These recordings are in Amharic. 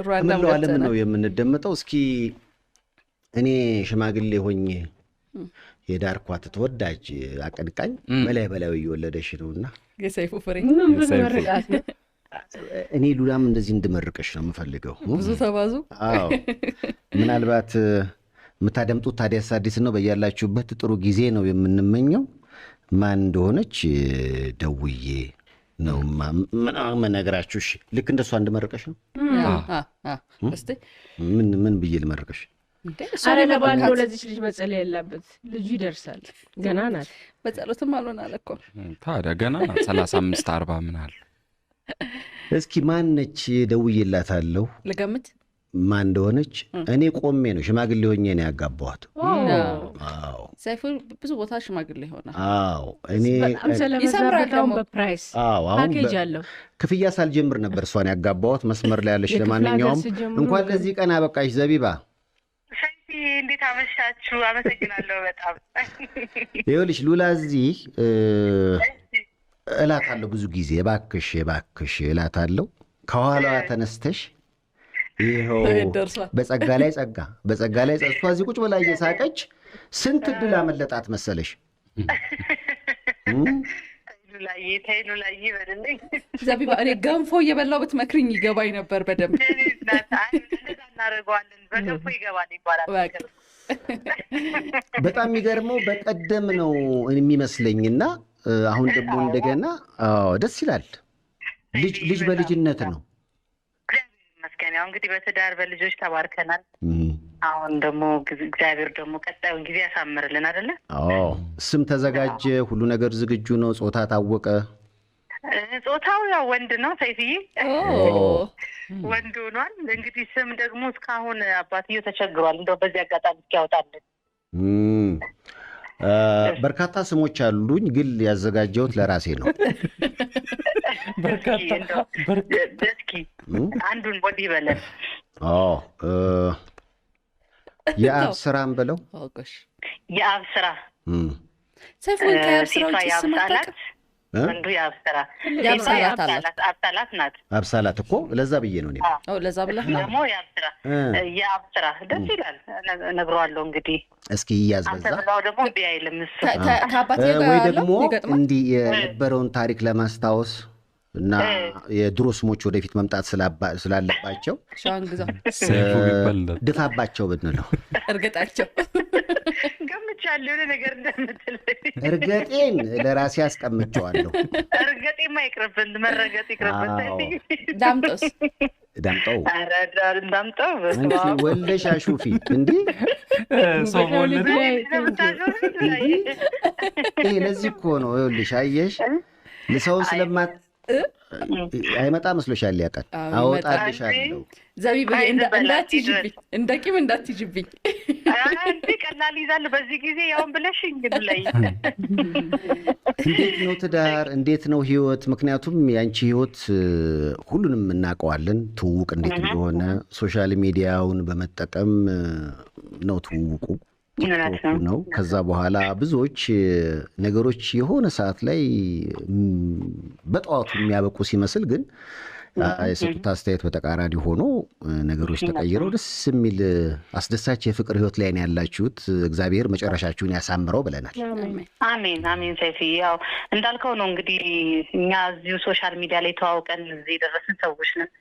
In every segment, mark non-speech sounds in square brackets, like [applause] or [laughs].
ከመላው ዓለም ነው የምንደመጠው። እስኪ እኔ ሽማግሌ ሆኜ የዳርኳት ተወዳጅ አቀንቃኝ በላይ በላይ እየወለደሽ ነውና የሰይፉ ፍሬ እኔ ሉላም እንደዚህ እንድመርቅሽ ነው የምፈልገው። ብዙ ተባዙ። አዎ ምናልባት የምታደምጡት ታዲያስ አዲስ ነው። በያላችሁበት ጥሩ ጊዜ ነው የምንመኘው። ማን እንደሆነች ደውዬ ነው ምናምን ነገራችሁ። እሺ ልክ እንደሷ እንድመርቀሽ ነው። ምን ምን ብዬ ልመርቀሽ? አረ ለባንዶ ለዚች ልጅ መጸለይ ያለበት ልጁ ይደርሳል። ገና ናት። በጸሎትም አልሆን አለ እኮ ታዲያ። ገና ናት። ሰላሳ አምስት አርባ ምን አለ። እስኪ ማን ነች? ደውዬላታለሁ። ልገምት ማን እንደሆነች። እኔ ቆሜ ነው ሽማግሌ ሆኜ ነው ያጋባኋት። ሳይፎን ብዙ ቦታ ሽማግሌ ይሆናል። አለው ክፍያ ሳልጀምር ነበር እሷን ያጋባሁት መስመር ላይ ያለች። ለማንኛውም እንኳን ለዚህ ቀን አበቃሽ ዘቢባ። እንዴት አመሻችሁ? አመሰግናለሁ በጣም ይኸውልሽ፣ ሉላ እዚህ እላታለሁ ብዙ ጊዜ የባክሽ እባክሽ እላታለሁ። ከኋላዋ ተነስተሽ ይኸው በጸጋ ላይ ጸጋ በጸጋ ላይ ጸጋ እሷ እዚህ ቁጭ ብላ እየሳቀች ስንት እድል አመለጣት መሰለሽ? ዘቢባ እኔ ገንፎ እየበላው ብትመክርኝ ይገባኝ ነበር በደንብ። በጣም የሚገርመው በቀደም ነው የሚመስለኝና አሁን ደግሞ እንደገና ደስ ይላል። ልጅ በልጅነት ነው። እንግዲህ በትዳር በልጆች ተባርከናል። አሁን ደግሞ እግዚአብሔር ደግሞ ቀጣዩን ጊዜ ያሳምርልን አደለ? አዎ። ስም ተዘጋጀ፣ ሁሉ ነገር ዝግጁ ነው። ጾታ ታወቀ። ጾታው ያው ወንድ ነው። ሰይፍዬ ወንድ ሆኗል። እንግዲህ ስም ደግሞ እስካሁን አባትየው ተቸግሯል። እንደው በዚህ አጋጣሚ እስኪያወጣልን በርካታ ስሞች አሉኝ፣ ግን ያዘጋጀሁት ለራሴ ነው። በርካታ አንዱን ወዲህ በለን [laughs] የአብ ስራም ብለው የአብ ስራ ሰይፉን ከአብ ስራ ውጭ አንዱ የአብ ናት። አብሳላት እኮ ለዛ ብዬ ነው ለዛ ብለህ ነው ደግሞ የአብ ስራ ደስ ይላል። እነግረዋለሁ እንግዲህ እስኪ እያዝ በዛ ደግሞ እምቢ እሱ ወይ ደግሞ እንዲህ የነበረውን ታሪክ ለማስታወስ እና የድሮ ስሞች ወደፊት መምጣት ስላለባቸው ድፋባቸው ብንለው እርገጣቸው ገምቻለሁ። የሆነ ነገር እንደምትል እርገጤን ለራሴ አስቀምጨዋለሁ። እርገጤማ ይቅርብን፣ መረገጥ ይቅርብን። ዳምጦስ ዳምጠው ዳምጠው ወልደሽ አሹፊ እንዲ ለዚህ እኮ ነው። ይኸውልሽ አየሽ ሰውን ስለማት አይመጣ መስሎሻል? ያውቃል አወጣልሻለሁ። ዘቢብ እንዳትይዥብኝ፣ እንደ ቂም እንዳትጅብኝ። እንዲህ ቀላል ይዛል በዚህ ጊዜ ያውን ብለሽኝ ላይ [laughs] እንዴት ነው ትዳር? እንዴት ነው ህይወት? ምክንያቱም የአንቺ ህይወት ሁሉንም እናውቀዋለን፣ ትውውቅ እንዴት እንደሆነ ሶሻል ሚዲያውን በመጠቀም ነው ትውውቁ ነው። ከዛ በኋላ ብዙዎች ነገሮች የሆነ ሰዓት ላይ በጠዋቱ የሚያበቁ ሲመስል ግን የሰጡት አስተያየት በተቃራኒ ሆኖ ነገሮች ተቀይረው ደስ የሚል አስደሳች የፍቅር ህይወት ላይ ነው ያላችሁት። እግዚአብሔር መጨረሻችሁን ያሳምረው ብለናል። አሜን አሜን። ሰይፍዬ ያው እንዳልከው ነው እንግዲህ እኛ እዚሁ ሶሻል ሚዲያ ላይ ተዋውቀን እዚህ የደረስን ሰዎች ነን።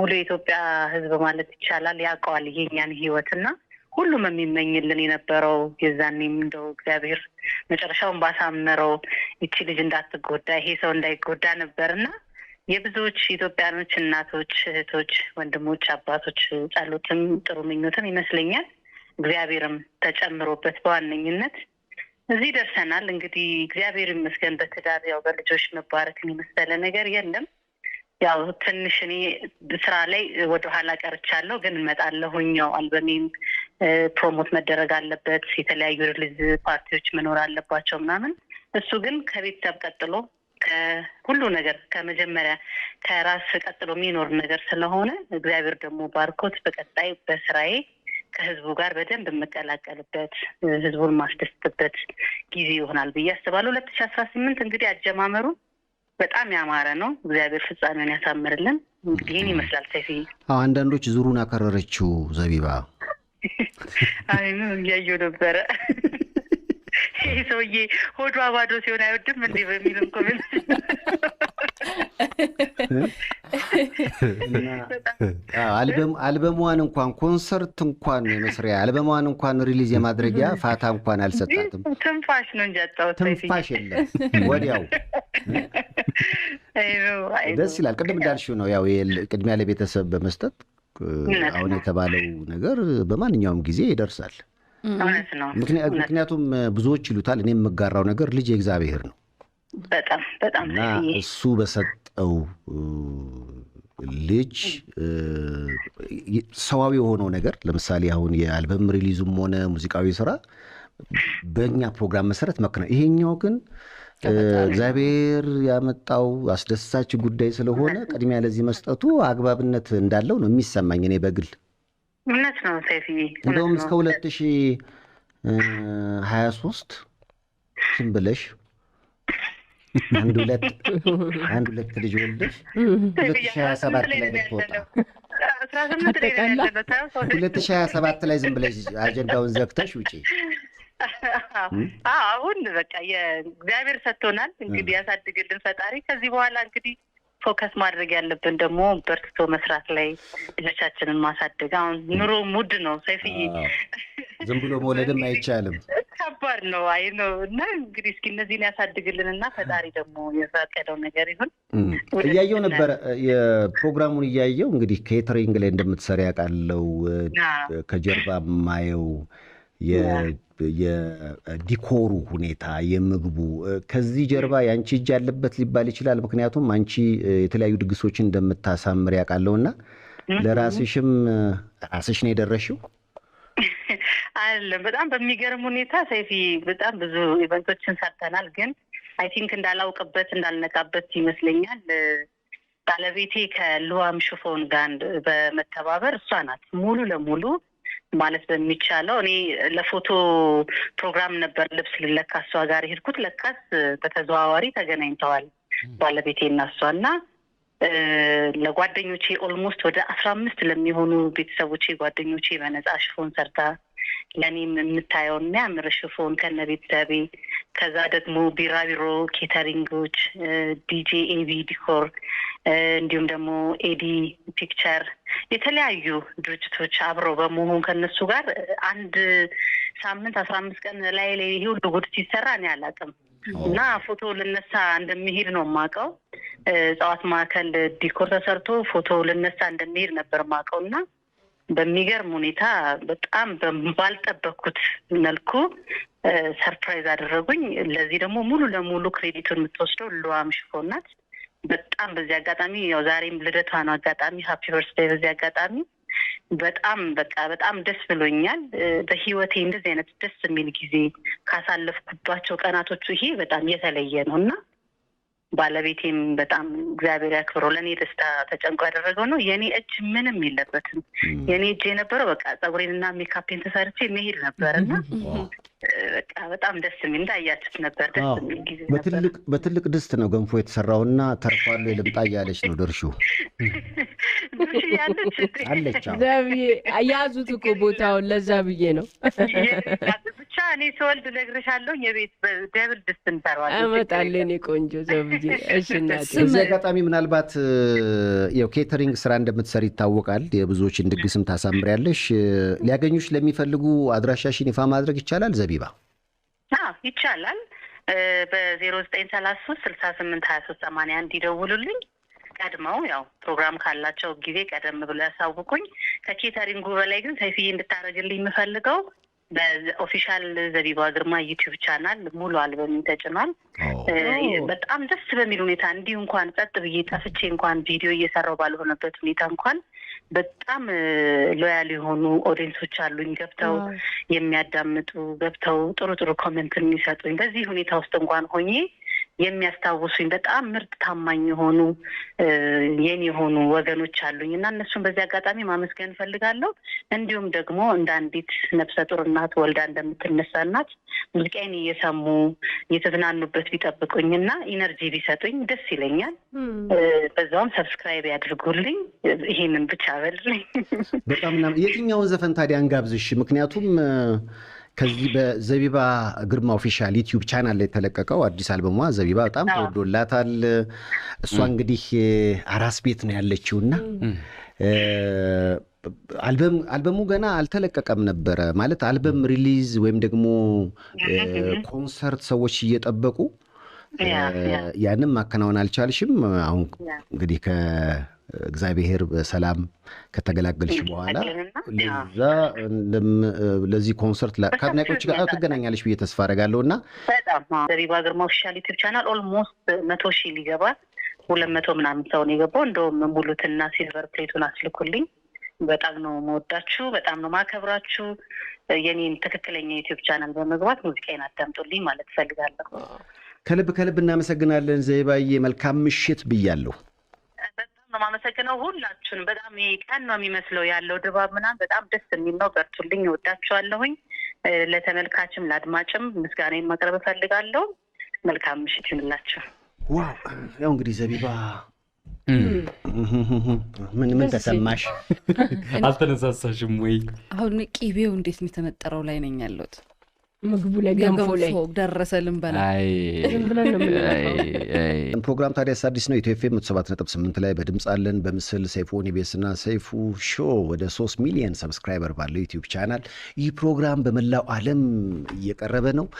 ሙሉ የኢትዮጵያ ህዝብ ማለት ይቻላል ያውቀዋል ይሄ ህይወት ህይወትና ሁሉም የሚመኝልን የነበረው የዛኔም እንደው እግዚአብሔር መጨረሻውን ባሳምረው ይቺ ልጅ እንዳትጎዳ ይሄ ሰው እንዳይጎዳ ነበርና የብዙዎች ኢትዮጵያኖች እናቶች፣ እህቶች፣ ወንድሞች፣ አባቶች ጸሎትም ጥሩ ምኞትም ይመስለኛል እግዚአብሔርም ተጨምሮበት በዋነኝነት እዚህ ደርሰናል። እንግዲህ እግዚአብሔር ይመስገን በትዳር ያው በልጆች መባረክን የመሰለ ነገር የለም። ያው ትንሽ እኔ ስራ ላይ ወደኋላ ቀርቻለሁ፣ ግን እመጣለሁኝ። ያው አልበሜም ፕሮሞት መደረግ አለበት፣ የተለያዩ ሪሊዝ ፓርቲዎች መኖር አለባቸው ምናምን። እሱ ግን ከቤተሰብ ቀጥሎ ከሁሉ ነገር ከመጀመሪያ ከራስ ቀጥሎ የሚኖር ነገር ስለሆነ እግዚአብሔር ደግሞ ባርኮት በቀጣይ በስራዬ ከህዝቡ ጋር በደንብ የምቀላቀልበት ህዝቡን ማስደስትበት ጊዜ ይሆናል ብዬ አስባለሁ። ሁለት ሺ አስራ ስምንት እንግዲህ አጀማመሩ በጣም ያማረ ነው። እግዚአብሔር ፍጻሜውን ያሳምርልን። እንግዲህ ይህን ይመስላል። ሰፊ አንዳንዶች ዙሩን አከረረችው ዘቢባ አሜንም እያየሁ ነበረ። ይህ ሰውዬ ሆዷ ባዶ ሲሆን አይወድም እንዴ በሚልም ኮሜንት አልበሟን እንኳን ኮንሰርት እንኳን መስሪያ አልበሟን እንኳን ሪሊዝ የማድረጊያ ፋታ እንኳን አልሰጣትም። ትንፋሽ ነው እንጂ አጫወት ትንፋሽ የለም ወዲያው ደስ ይላል። ቅድም እንዳልሽው ነው ያው ቅድሚያ ለቤተሰብ በመስጠት አሁን የተባለው ነገር በማንኛውም ጊዜ ይደርሳል። ምክንያቱም ብዙዎች ይሉታል፣ እኔ የምጋራው ነገር ልጅ የእግዚአብሔር ነው በጣም በጣም እና እሱ በሰጠው ልጅ ሰዋዊ የሆነው ነገር ለምሳሌ አሁን የአልበም ሪሊዙም ሆነ ሙዚቃዊ ስራ በእኛ ፕሮግራም መሰረት መክነ ይሄኛው ግን እግዚአብሔር ያመጣው አስደሳች ጉዳይ ስለሆነ ቅድሚያ ለዚህ መስጠቱ አግባብነት እንዳለው ነው የሚሰማኝ እኔ በግል እውነት ነው። ሰይፍዬ እንደውም እስከ ሁለት ሺ ሀያ ሶስት ዝም ብለሽ አንድ ሁለት [laughs] አንድ ሁለት ልጅ ወልደሽ ሁለት ሺ ሀያ ሰባት ላይ ልትወጣ ሁለት ሺ ሀያ ሰባት ላይ ዝም ብለሽ አጀንዳውን ዘግተሽ ውጪ አሁን በቃ የእግዚአብሔር ሰጥቶናል። እንግዲህ ያሳድግልን ፈጣሪ። ከዚህ በኋላ እንግዲህ ፎከስ ማድረግ ያለብን ደግሞ በርትቶ መስራት ላይ ልጆቻችንን ማሳደግ። አሁን ኑሮ ሙድ ነው ሰይፍዬ፣ ዝም ብሎ መውለድም አይቻልም። ከባድ ነው። አይ ነው እና እንግዲህ እስኪ እነዚህን ያሳድግልን እና ፈጣሪ ደግሞ የፈቀደው ነገር ይሁን። እያየው ነበረ የፕሮግራሙን እያየው እንግዲህ ኬተሪንግ ላይ እንደምትሰሪ ያውቃለው ከጀርባ ማየው የዲኮሩ ሁኔታ የምግቡ ከዚህ ጀርባ የአንቺ እጅ ያለበት ሊባል ይችላል። ምክንያቱም አንቺ የተለያዩ ድግሶችን እንደምታሳምር ያውቃለሁና ለራስሽም ራስሽ ነው የደረሽው [laughs] አይደለም። በጣም በሚገርም ሁኔታ ሰይፊ፣ በጣም ብዙ ኢቨንቶችን ሰርተናል። ግን አይ ቲንክ እንዳላውቅበት እንዳልነቃበት ይመስለኛል ባለቤቴ ከልዋም ሽፎን ጋር በመተባበር እሷ ናት ሙሉ ለሙሉ ማለት በሚቻለው እኔ ለፎቶ ፕሮግራም ነበር ልብስ ልለካ እሷ ጋር ሄድኩት። ለካስ በተዘዋዋሪ ተገናኝተዋል ባለቤቴ እና እሷ እና ለጓደኞቼ ኦልሞስት ወደ አስራ አምስት ለሚሆኑ ቤተሰቦቼ ጓደኞቼ በነጻ ሽፎን ሰርታ ለእኔም የምታየውን ያምር ሽፎን ከነ ቤተሰቤ ከዛ ደግሞ ቢራቢሮ፣ ኬተሪንጎች፣ ዲጄ ኤቢ ዲኮር እንዲሁም ደግሞ ኤዲ ፒክቸር የተለያዩ ድርጅቶች አብረው በመሆን ከነሱ ጋር አንድ ሳምንት አስራ አምስት ቀን ላይ ላይ ይሄ ሁሉ ጉድ ሲሰራ እኔ አላውቅም እና ፎቶ ልነሳ እንደሚሄድ ነው የማውቀው። እጽዋት ማዕከል ዲኮር ተሰርቶ ፎቶ ልነሳ እንደሚሄድ ነበር የማውቀው እና በሚገርም ሁኔታ በጣም ባልጠበኩት መልኩ ሰርፕራይዝ አደረጉኝ። ለዚህ ደግሞ ሙሉ ለሙሉ ክሬዲቱን የምትወስደው ልዋም ሽፎ ናት። በጣም በዚህ አጋጣሚ ያው ዛሬም ልደቷ ነው። አጋጣሚ ሀፒ በርዝዴይ በዚህ አጋጣሚ በጣም በቃ በጣም ደስ ብሎኛል። በህይወቴ እንደዚህ አይነት ደስ የሚል ጊዜ ካሳለፍኩባቸው ቀናቶቹ ይሄ በጣም የተለየ ነው እና ባለቤቴም በጣም እግዚአብሔር ያክብረው ለእኔ ደስታ ተጨንቆ ያደረገው ነው። የእኔ እጅ ምንም የለበትም። የእኔ እጅ የነበረው በቃ ጸጉሬንና ሜካፔን ተሰርቼ መሄድ ነበር እና በጣም ደስ የሚል እንዳያችሁት ነበር። ደስ የሚል ጊዜ ነበር። በትልቅ ድስት ነው ገንፎ የተሰራውና ተርፏል ልምጣ እያለች ነው ድርሹ አለች። ያዙት እኮ ቦታውን ለዛ ብዬ ነው እኔ ስወልድ እነግርሻለሁ። የቤት ደብል ድስት እንሰራዋለን። እመጣለሁ የእኔ ቆንጆ ዘብዬ። እሺ እናቴ። በዚህ አጋጣሚ ምናልባት ያው ኬተሪንግ ስራ እንደምትሰሪ ይታወቃል። የብዙዎችን ድግስም ታሳምሪያለሽ። ሊያገኙሽ ለሚፈልጉ አድራሻሽን ይፋ ማድረግ ይቻላል ዘቢባ? ይቻላል። በዜሮ ዘጠኝ ሰላሳ ሶስት ስልሳ ስምንት ሀያ ሶስት ሰማንያ እንዲደውሉልኝ ቀድመው ያው ፕሮግራም ካላቸው ጊዜ ቀደም ብሎ ያሳውቁኝ። ከኬተሪንጉ በላይ ግን ሰይፍዬ እንድታደርግልኝ የምፈልገው በኦፊሻል ዘቢባ ግርማ ዩቲዩብ ቻናል ሙሉ አልበም ተጭኗል። በጣም ደስ በሚል ሁኔታ እንዲሁ እንኳን ጸጥ ብዬ ጠፍቼ እንኳን ቪዲዮ እየሰራው ባልሆነበት ሁኔታ እንኳን በጣም ሎያል የሆኑ ኦዲንሶች አሉኝ፣ ገብተው የሚያዳምጡ ገብተው ጥሩ ጥሩ ኮመንት የሚሰጡኝ በዚህ ሁኔታ ውስጥ እንኳን ሆኜ የሚያስታውሱኝ በጣም ምርጥ ታማኝ የሆኑ የኔ የሆኑ ወገኖች አሉኝ እና እነሱን በዚህ አጋጣሚ ማመስገን እፈልጋለሁ። እንዲሁም ደግሞ እንደ አንዲት ነፍሰ ጡር እናት ወልዳ እንደምትነሳ እናት ሙዚቃዬን እየሰሙ እየተዝናኑበት ቢጠብቁኝ እና ኢነርጂ ቢሰጡኝ ደስ ይለኛል። በዛውም ሰብስክራይብ ያድርጉልኝ። ይሄንን ብቻ በልልኝ። በጣም የትኛውን ዘፈን ታዲያ እንጋብዝሽ? ምክንያቱም ከዚህ በዘቢባ ግርማ ኦፊሻል ዩቲዩብ ቻናል ላይ የተለቀቀው አዲስ አልበሟ ዘቢባ በጣም ተወዶላታል። እሷ እንግዲህ አራስ ቤት ነው ያለችው እና አልበሙ ገና አልተለቀቀም ነበረ ማለት አልበም ሪሊዝ ወይም ደግሞ ኮንሰርት ሰዎች እየጠበቁ ያንም ማከናወን አልቻልሽም። አሁን እንግዲህ እግዚአብሔር በሰላም ከተገላገልሽ በኋላ ለዛ ለዚህ ኮንሰርት ከአድናቂዎች ጋር ትገናኛለሽ ብዬ ተስፋ አደርጋለሁ እና በጣም ዘቢባ ግርማ ኦፊሻል ዩቲብ ቻናል ኦልሞስት መቶ ሺህ ሊገባ ሁለት መቶ ምናምን ሰው ነው የገባው። እንደውም ሙሉትና ሲልቨር ፕሌቱን አስልኩልኝ። በጣም ነው መወዳችሁ፣ በጣም ነው ማከብራችሁ። የኔን ትክክለኛ ዩቲብ ቻናል በመግባት ሙዚቃዬን አዳምጡልኝ ማለት እፈልጋለሁ። ከልብ ከልብ እናመሰግናለን። ዘይባዬ መልካም ምሽት ብያለሁ። ነው የማመሰግነው ሁላችሁን። በጣም ቀን ነው የሚመስለው ያለው ድባብ ምናምን በጣም ደስ የሚል ነው። በርቱልኝ፣ እወዳችኋለሁኝ። ለተመልካችም ለአድማጭም ምስጋናዬን ማቅረብ እፈልጋለሁ። መልካም ምሽት ይሁንላችሁ። ዋው! ያው እንግዲህ ዘቢባ ምን ምን ተሰማሽ? አልተነሳሳሽም ወይ? አሁን ቂቤው እንዴት ነው የተመጠረው ላይ ነኝ ያለሁት ምግቡ ላይ ገንፎ ላይ ደረሰ ልንበላ ፕሮግራም ታዲያስ አዲስ ነው። ኢትዮ ኤፍ ኤም 107.8 ላይ በድምፅ አለን፣ በምስል ሰይፉ ኒቤስ ና ሰይፉ ሾ ወደ 3 ሚሊዮን ሰብስክራይበር ባለው ዩቲዩብ ቻናል ይህ ፕሮግራም በመላው ዓለም እየቀረበ ነው።